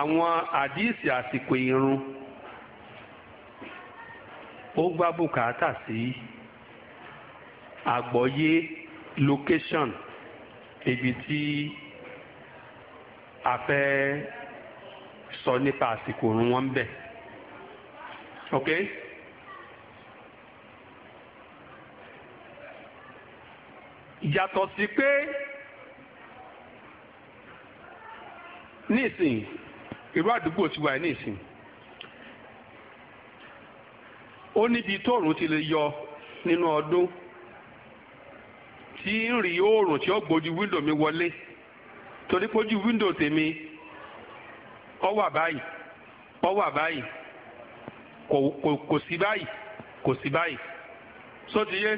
àwọn àdíìsì àsìkò irun ó gbá bùkátà sí àgbọ́yé location ibi tí a fẹ́ sọ nípa àsìkò irun wọn bẹ̀ ok. yàtọ̀ sí pé nísìnyí irú àdúgbò tí wà ní ìsìn ó níbi tóòrùn ti lè yọ nínú ọdún tí ń rí oòrùn tí ó gbojú wíńdò mi wọlé torí pójú wíńdò tèmi ó wà báyìí ó wà báyìí kò kò kò sí báyìí kò sí báyìí sódìyé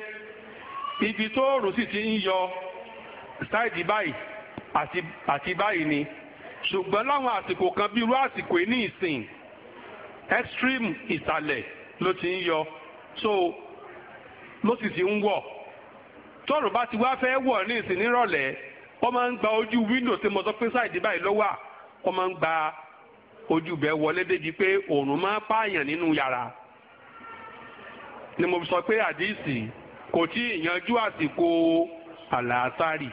ibi tóòrùn sì ti ń yọ sáìdì báyìí àti àti báyìí ni. ṣùgbọ́n láwọn àsìkò kan bí irú àsìkò ní ìsìn extreme ìsàlẹ̀ ló ti ń yọ so ló sì ti ń wọ̀ tóòrùn bá ti wá fẹ́ wọ̀ ní ìsìn nírọ̀lẹ́ wọ́n máa ń gba ojú window tí mo sọ pé sáìdì báyìí ló wà wọ́n máa ń gba ojú bẹ́ẹ̀ wọlé débi pé òòrùn máa pààyàn nínú yàrá ni mo sọ pé àdìsí kò tí ì yanjú àsìkò àlàásárì.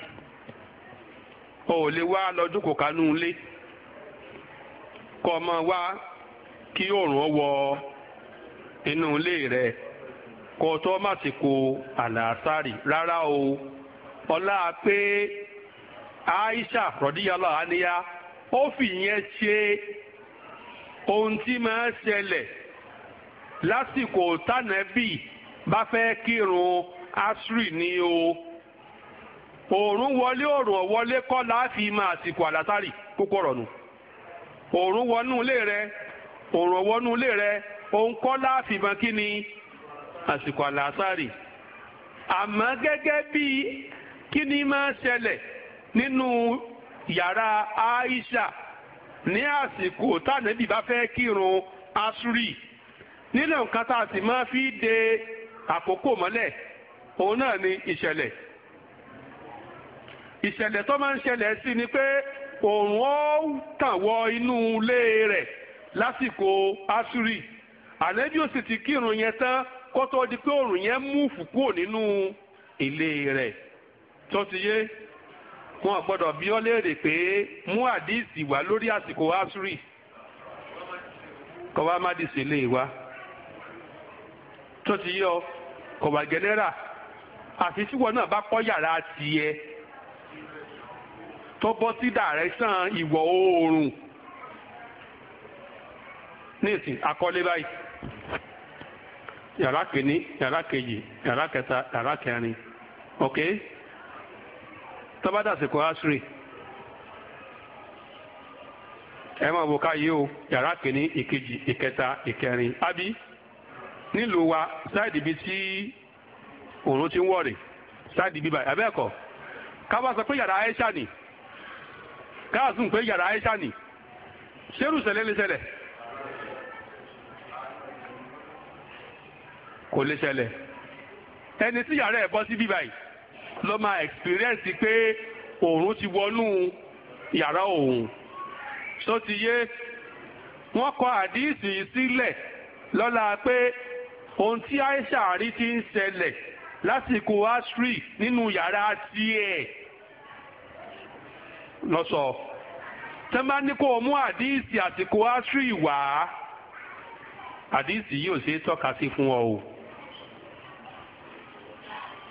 o le wa wá lọ jókòó kanú mọ wá kí oòrùn ó wọ inú ilé rẹ kó o ti kó àlàásárì rárá o ọlá pé Aisha rọdíyàlọ àníyá ó fìyẹn ṣe ohun tí máa ń ṣẹlẹ̀ lásìkò tánẹ́bì bá fẹ́ kírun asri ni o òòrùn wọlé òòrùn ọ̀wọlé kọ́ láàfin máa àsìkò àlátàrí kókó ọ̀rọ̀ nu òòrùn wọnú ilé rẹ òòrùn ọ̀wọnú ilé rẹ òun kọ́ láàfin máa kí ni àsìkò àlátàrí àmọ́ gẹ́gẹ́ bí kí ni máa ṣẹlẹ̀ nínú yàrá Aisha ní àsìkò tànẹ́bì bá fẹ́ kírun asuri nínú nǹkan tá a sì máa fi de àkókò mọ́lẹ̀ òun náà ni ìṣẹ̀lẹ̀ ìṣẹ̀lẹ̀ tó máa ń ṣẹlẹ̀ sí ni pé òòrùn ó tàn wọ inú ilé rẹ̀ lásìkò àṣúrì ànábì ó sì ti kírun yẹn tán kó tó di pé òòrùn yẹn múùfù kúrò nínú ilé rẹ̀ tó ti yé wọn gbọ́dọ̀ bi ọ́ léèrè pé mú àdíìsì wá lórí àsìkò àṣúrì kọba amadisi ilé ìwá tó ti yọ kọba gẹnẹra àfi tí wọn náà bá kọ́ yàrá tiẹ̀. tó bọ́ sí dàrẹ́sàn ìwọ̀ oòrùn nísìn akọ́lé báyìí yàrá kìíní yàrá kejì yàrá kẹta yàrá kẹrin ok tó asiri ẹ ká wò o yàrá kìíní ìkejì ìkẹta ìkẹrin nílùú wa sáìdì bíi tí òòrùn ti ń sọ pé yàrá aisha ni. káàsùn pé yàrá aisha ni ṣerú ṣẹlẹ̀ lè ṣẹlẹ̀ kò lè ṣẹlẹ̀ ẹni tí yàrá ẹ̀ bọ́ sí bíbá yìí ló máa experience pé òòrùn ti wọnú yàrá òun tó ti yé wọ́n kọ àdíìsì sílẹ̀ lọ́la pé ohun tí aisha rí ti ń ṣẹlẹ̀ lásìkò asri nínú yàrá tiẹ̀. E lọ́sọ̀ tẹ́ bá ní kó o mú àdíìsì àsìkò àṣírí wá àdíìsì yìí ò ṣeé tọ́ka sí fún ọ o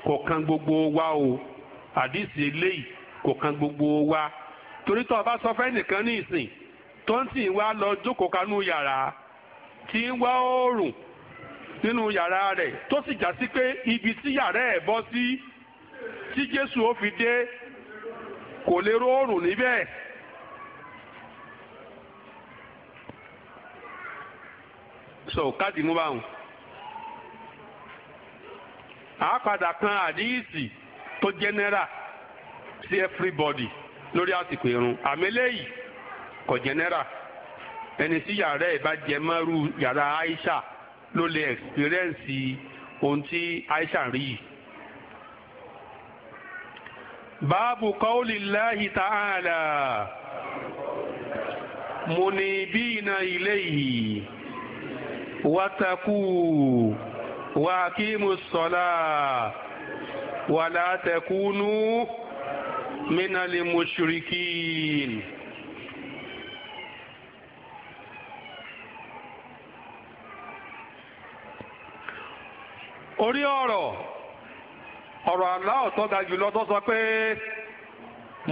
kò kan gbogbo wa o àdíìsì eléyìí kò kan gbogbo wa torí tó o bá sọ fẹ́ nìkan ní tó ń wá lọ jókòó kanú yàrá tí ń wá oòrùn nínú yàrá rẹ̀ tó sì sí pé ibi tí yàrá ẹ̀ bọ́ sí tí Jésù ó kò lè róòrùn níbẹ̀. so káàdì mú báwọn. àápadà kan àdíyìsì tó jẹ́nẹ́rà sí everybody lórí àsìkò irun àmì eléyìí kò jẹ́nẹ́rà ẹni tí yàrá ẹ̀ bá jẹ mọ́rú yàrá Aisha ló lè experience ohun tí Aisha rí yìí báàbù kọ́ọ̀lì láhi ta'ala munibina ilayhi wataku wa akimu sọlá wàlá takunu minali mushrikin. orí ọ̀rọ̀ ọ̀rọ̀ aláwọ̀ tó ga jùlọ tó sọ pé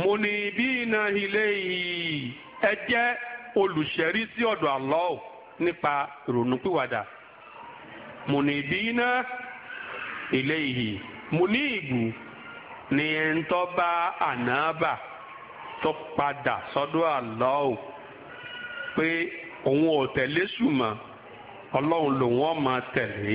mo ní bí iná ilé yìí ẹ jẹ́ olùṣẹ́rí sí ọ̀dọ̀ aláwọ̀ nípa ìrònúpìwàdà mo ní bí iná ilé yìí mo ní ìgbù ní ẹni ànábà tó padà sọ́dọ̀ pé òun ò tẹ̀lé ọlọ́run lòun ọ̀ máa tẹ̀lé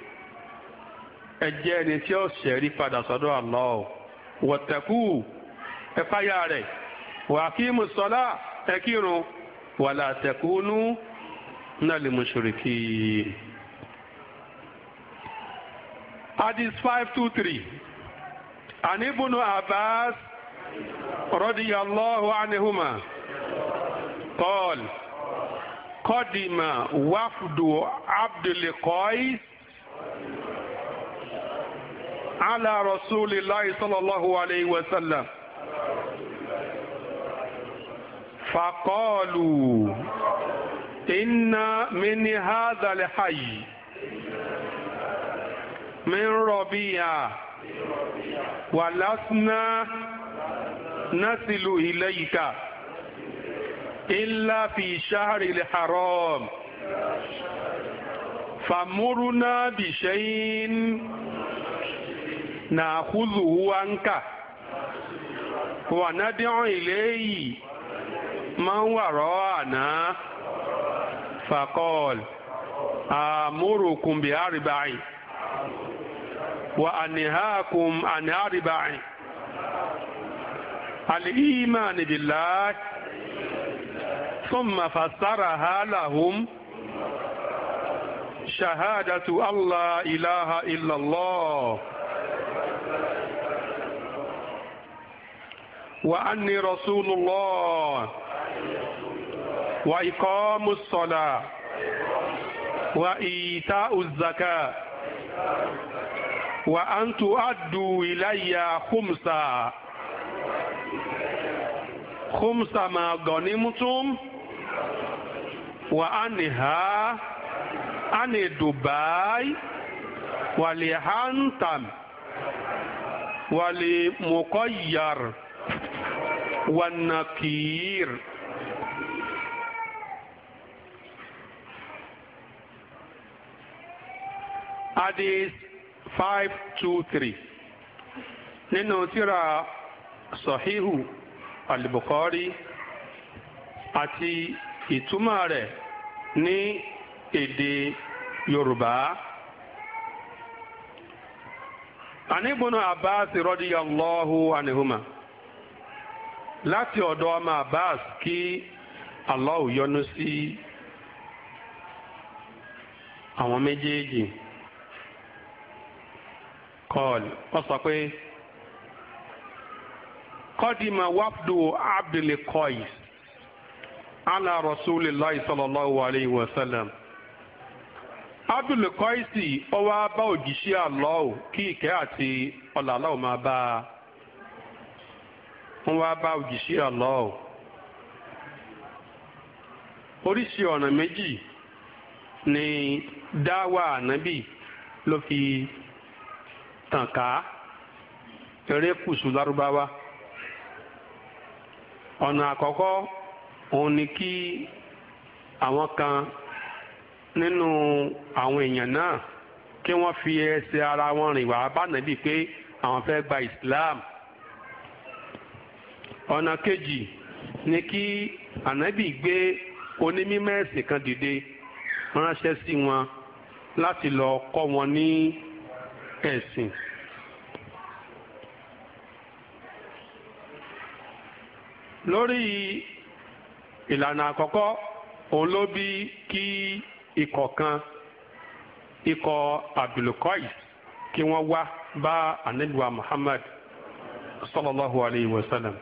ẹ jẹ́ ẹni tí ó ṣẹ̀rí padà sọ́dọ̀ Allah wọ̀tẹ̀kù ẹ páyà rẹ̀ wà kí mùsọ̀lá ẹ kírun wà látẹ̀kùnú náà lè mùṣìríkí. Hadith five two three عن ابن عباس رضي الله عنهما قال قدم وفد عبد القيس على رسول الله صلى الله عليه وسلم فقالوا إنا من هذا الحي من ربيع ولسنا نصل إليك إلا في شهر الحرام فمرنا بشيء نأخذه عنك وندع إليه من وراءنا فقال آمركم بأربع وأنهاكم عن أربع الإيمان بالله ثم فسرها لهم شهادة الله إله إلا الله وأني رسول الله وإقام الصلاة وإيتاء الزكاة وأن تؤدوا إلي خمسا خمس ما غنمتم وأنها عن دبي والهانتم والمقير والنكير hadith five two three nínú tírà sọ̀híhù al-Bukhari àti ìtumọ̀ rẹ̀ ní èdè àní Ibnu Abbas radiyallahu anhuma láti ọ̀dọ̀ ọmọ Abbas kí Allah yọ́nú sí àwọn méjèèjì kọ́ọ̀lù wọ́n sọ pé kọ́dìmọ̀ wàbdù Abdul Qais ala Rasulillahi sallallahu alayhi wa sallam. abdul kọ́ìsì ó wá bá òjíṣẹ́ àlọ́ọ̀ kí ìkẹ́ àti ọ̀là aláwọ̀ máa bá a wọ́n wá bá òjíṣẹ́ àlọ́ọ̀ oríṣi ọ̀nà méjì ni dáwà ànábì ló fi tàn ká erékùsù lárúbáwá ọ̀nà àkọ́kọ́ òun ni kí àwọn kan nínú àwọn èèyàn náà kí wọ́n fi ẹsẹ̀ ara wọn rìn wá bá nàbí pé àwọn fẹ́ gba Islam ọ̀nà kejì ni kí ànábì gbé onímọ̀ ẹ̀sìn kan dìde ránṣẹ́ sí wọn láti lọ kọ́ wọn ní ẹ̀sìn. lórí ìlànà àkọ́kọ́ òun ló bí kí ikọ̀ kan ikọ̀ abdulkoy kí wọ́n wá bá anabiwa muhammad sallallahu alayhi wa sallam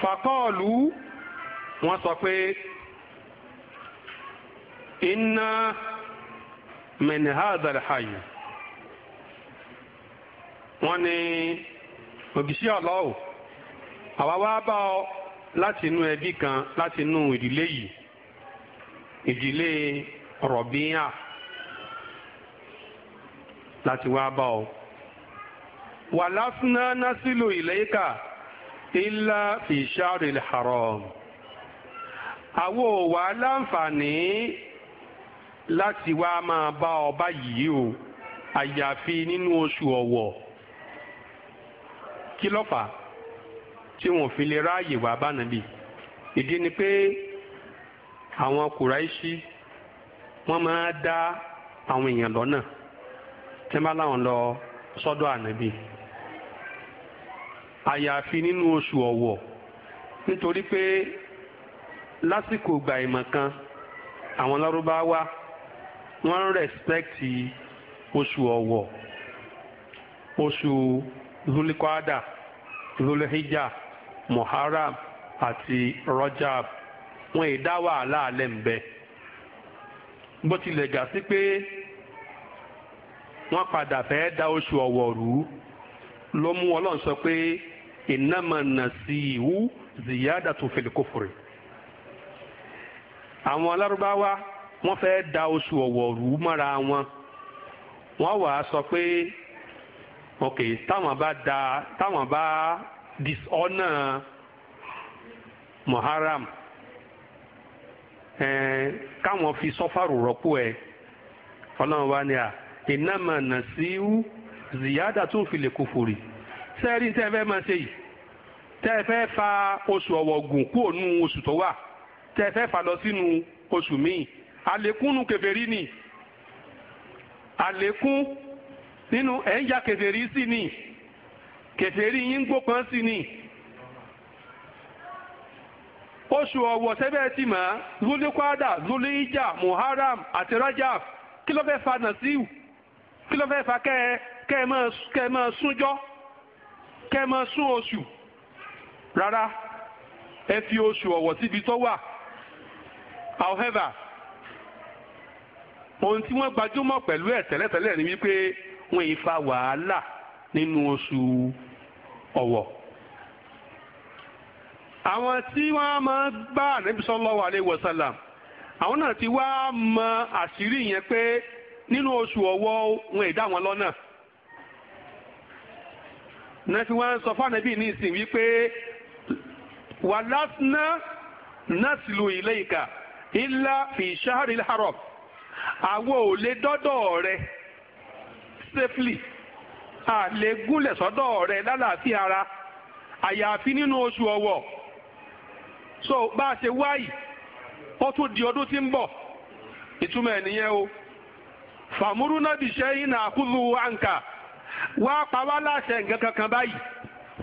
fakọ́ọ̀lù wọ́n sọ pé iná menhadar hayi wọ́n ní ògìṣẹ́ ọlọ́wọ́ àwa wá bá ọ láti inú ẹbí kan láti inú ìdílé yìí ìdílé rọ̀bíyàn láti wá bá ọ. wà lásìnà násìlò ìlẹ́yìká ilá fìṣàrì haram. àwọn ò wá láǹfààní láti wá máa bá ọ báyìí o àyàfi nínú oṣù ọ̀wọ̀ kí ló tí wọn fi lè ráàyè wá bá nàbì ìdí ni pé àwọn kuraishi wọ́n máa dá àwọn èèyàn lọ́nà tí wọ́n bá láwọn lọ sọ́dọ̀ ànábì àyàfi nínú oṣù ọ̀wọ̀ nítorí pé lásìkò ìgbà ìmọ̀ kan àwọn lárúbáwá wọ́n ń rẹ̀spẹ́kìtì oṣù ọ̀wọ̀ oṣù zulikwada zulihijja muharram àti rojab wọn ì dá wàhálà alẹ́ ń bẹ bó tilẹ̀ gà sí pé wọ́n padà fẹ́ da oṣù ọ̀wọ̀ rú ló mú ọlọ́run sọ pé ìnáma nà sí ìwú ziyada tó fèlè kófòrè àwọn alárúbáwá wọ́n fẹ́ da oṣù ọ̀wọ̀ mọ́ra wọn wọ́n wàá sọ pé ok táwọn bá da táwọn bá dishonor Muharram káwọn fi sọ́fàrù rọ́pò ẹ̀ ọlọ́run wa ni à ìnáma nà sí wú ziyada tó fi lè kó forí sẹ́ẹ̀rí tẹ́ ẹ fẹ́ máa ṣe yìí tẹ́ ẹ fẹ́ fa oṣù ọ̀wọ̀gùn kúrò nù oṣù tó wà tẹ́ ẹ fẹ́ fa lọ sínú oṣù míì àlékúnnù kèfèrí ni àlékún nínú ẹ̀ ń ya kèfèrí sí ni kèfèrí yín gbókan sí ni oṣù ọ̀wọ̀ sẹ́bẹ̀ tì mọ́ zulikwada zulija muharram àti rajab kí ló fẹ́ fa nasiu kí ló fẹ́ fa kẹ́ ẹ kẹ́ ẹ máa kẹ́ ẹ máa súnjọ́ kẹ́ ẹ máa sún oṣù rárá ẹ fi oṣù ọ̀wọ̀ síbi tó wà however ohun tí wọ́n gbajúmọ̀ pẹ̀lú ẹ̀ tẹ́lẹ̀tẹ́lẹ̀ ni wípé wọ́n yìí fa wàhálà nínú oṣù ọ̀wọ̀ àwọn tí wọ́n máa bá ànábì sallallahu alaihi wasallam àwọn náà ti wá mọ àṣírí yẹn pé nínú oṣù ọ̀wọ̀ wọn ìdá wọn lọ́nà nàfi wọn sọ fún ànábì ní ìsìn wípé wà lásìnà násìlò ilayka illa fi shahril haram àwọn ò lè dọ́dọ̀ rẹ safely à sọ́dọ̀ rẹ lálàáfíà ara àyàfi nínú oṣù ọ̀wọ̀. so bá a ṣe wáyì ó tún di ọdún tí ń bọ̀ ìtumọ̀ ẹ̀ o fàmúrú náà bì ṣe iná àkúzù àǹkà wá pa wá láṣẹ nǹkan kankan báyìí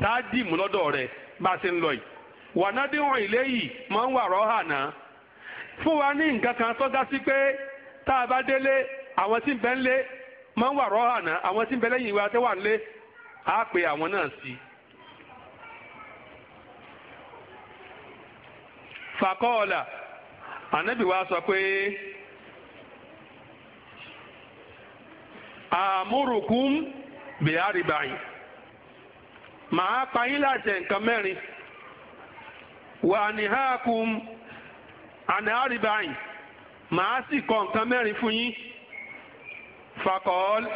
tá a dì mú lọ́dọ̀ rẹ̀ bá a ṣe ń lọ yìí wà nádìwọ̀n ilé yìí máa ń wà rọ́hà náà fún wa ní nǹkan kan tó dá sí pé tá a bá délé àwọn tí ń bẹ ń lé máa ń wà rọ́hà náà àwọn tí ń lẹ́yìn ìwé àtẹ́wà ń lé àwọn náà sí i. fakọ́ọ̀là ànábì wa sọ pé àmúrùkún bìárì báyìí màá pa yín láṣẹ nǹkan mẹ́rin wà ní hákùn ànáàrì báyìí màá sì kọ nǹkan mẹ́rin fún yín fakọ́ọ̀lì.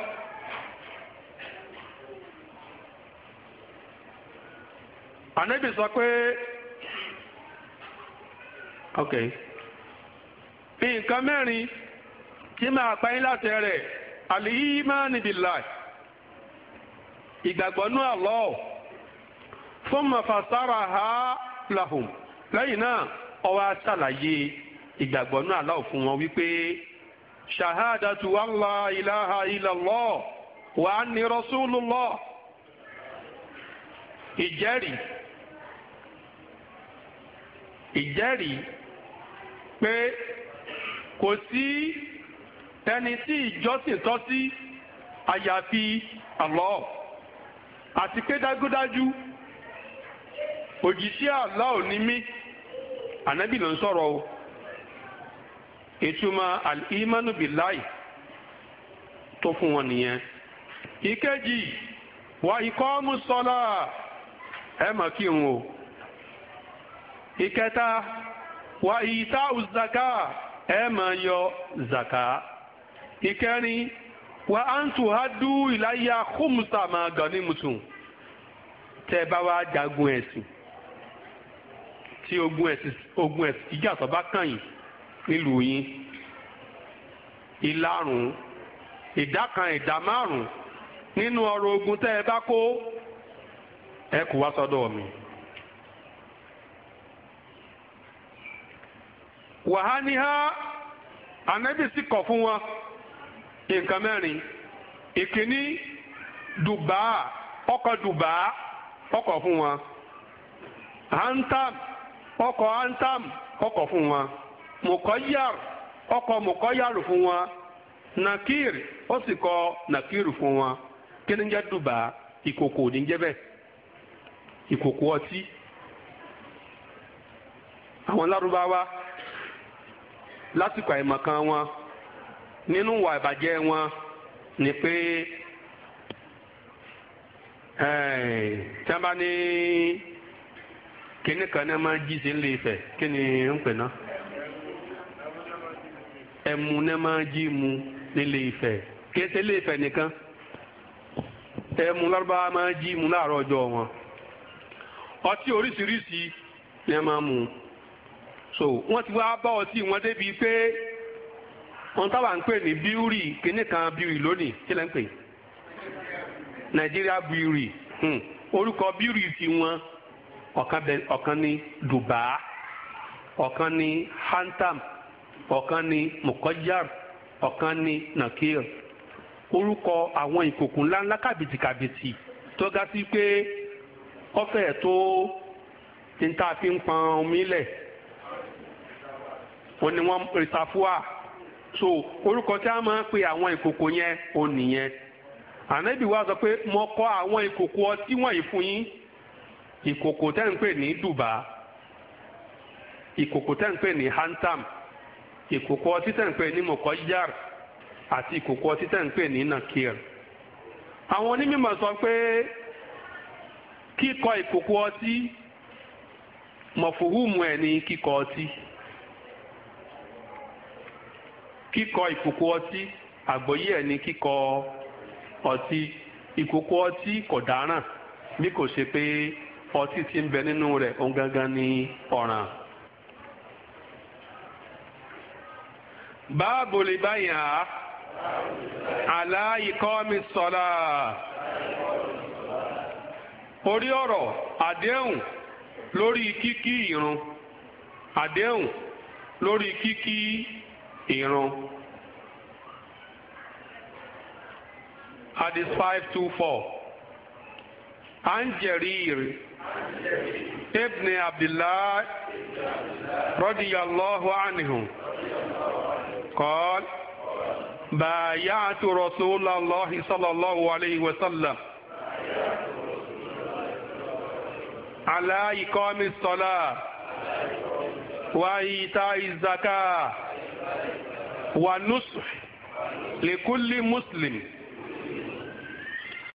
ànábì sọ pé. ok nǹkan mẹ́rin tí máa pa yín láti rẹ̀ àlìyímánì bìláì ìgbàgbọ́ àlọ́ fún mọ̀fàsára ha làhùn lẹ́yìn náà ó wá ṣàlàyé àlọ́ fún wọn wípé ṣàhádàtú wàllá ìlàhà ìlàlọ́ wà á ní ìjẹ́rìí pé kò sí ẹni tí ìjọsìn tọ́ sí àyàfi Allah àti pé dájúdájú òjìṣẹ́ Allah ò ní mí ànábì ló ń sọ̀rọ̀ o ìtumọ̀ al-imanu tó fún wọn nìyẹn ìkejì wà ìkọ́mú sọ́lá ẹ̀ mọ̀ kírun o ìkẹta. wà ìta òzàká ẹ máa yọ zàká. ìkẹrin wà á ń tù hádú ìláyà kùmùsà máa gàn ní mùsùn tẹ bá wá jagun ẹ̀sìn tí ogun ẹ̀sìn ogun ẹ̀sìn ìjà tó kàn yín nílùú yín ìlarùn ìdá kan ìdá márùn nínú ọrọ̀ ogun tẹ ẹ bá kó ẹ kò wá sọ́dọ̀ mi. wa ha sì kọ̀ fún wọn nǹkan mẹ́rin ìkíní dùbà ọkọ̀ dùbà ọkọ̀ fún wọn antam ọkọ̀ antam ọkọ̀ fún wọn mùkọ́yàr ọkọ̀ mùkọ́yàr fún wọn nakir ó sì kọ nakir fún wọn kí ni ń jẹ́ dùbà ìkòkò ní jẹ́ ìkòkò ọtí àwọn lárúbáwá lásìkò àìmọ̀kan wọn nínú ìwà ìbàjẹ́ wọn ni pé tí wọ́n bá ní kíní kan náà máa jí sí ilé Ifẹ̀ kí ni ń pè ná ẹmu náà máa jí mu nílé Ifẹ̀ kí ẹ tẹ́lẹ̀ Ifẹ̀ nìkan ẹmu lárúbáwá máa jí mu láàárọ̀ ọjọ́ wọn ọtí oríṣiríṣi ni ẹ máa mú un so wọ́n ti wá bá ọtí wọn débi pé wọ́n táwa ń pè ní bíúrì kíní kan bíúrì lónìí kí lẹ́ ń pè nàìjíríà bíúrì hmm. orúkọ bíúrì tiwọn ọ̀kan ní Dubai ọ̀kan ní Hantam ọ̀kan ní Mukojar ọ̀kan ní Nakir orúkọ àwọn ìkòkò ńláńlá kàbìtìkàbìtì tó ga sí pé ọ̀fẹ́ tó ní tá a fi ń pọn omi lẹ̀ ó ní so orúkọ tí a máa ń pe àwọn ìkòkò yẹn ó nìyẹn ànábì wa sọ pé mo kọ àwọn ìkòkò ọtí wọ̀nyí fún yín ìkòkò tẹ́ ń pè ní dùbà ìkòkò tẹ́ ní hantam ìkòkò ọtí tẹ́ ń pè ní mokoyar àti ìkòkò ọtí tẹ́ ń pè sọ pé kíkọ ìkòkò ọtí mọ̀fùhùmù ẹ̀ ní kíkọ ìkòkò ọtí àgbọ́yé ẹ̀ ní kíkọ ọtí ìkòkò ọtí kò dáràn bí kò ṣe pé ọtí tí ń bẹ nínú rẹ̀ òun gangan ní ọ̀ràn. báàbò lè báyìí hàn aláìkọ́ mi sọ̀la orí ọ̀rọ̀ àdéhùn lórí kíkí ìrun àdéhùn lórí kíkí irun. hadith five two four anjerir ibn abdullah الله عنه قال بايعت رسول الله صلى الله عليه وسلم على إقام الصلاة وإيتاء الزكاة ونصح لكل مسلم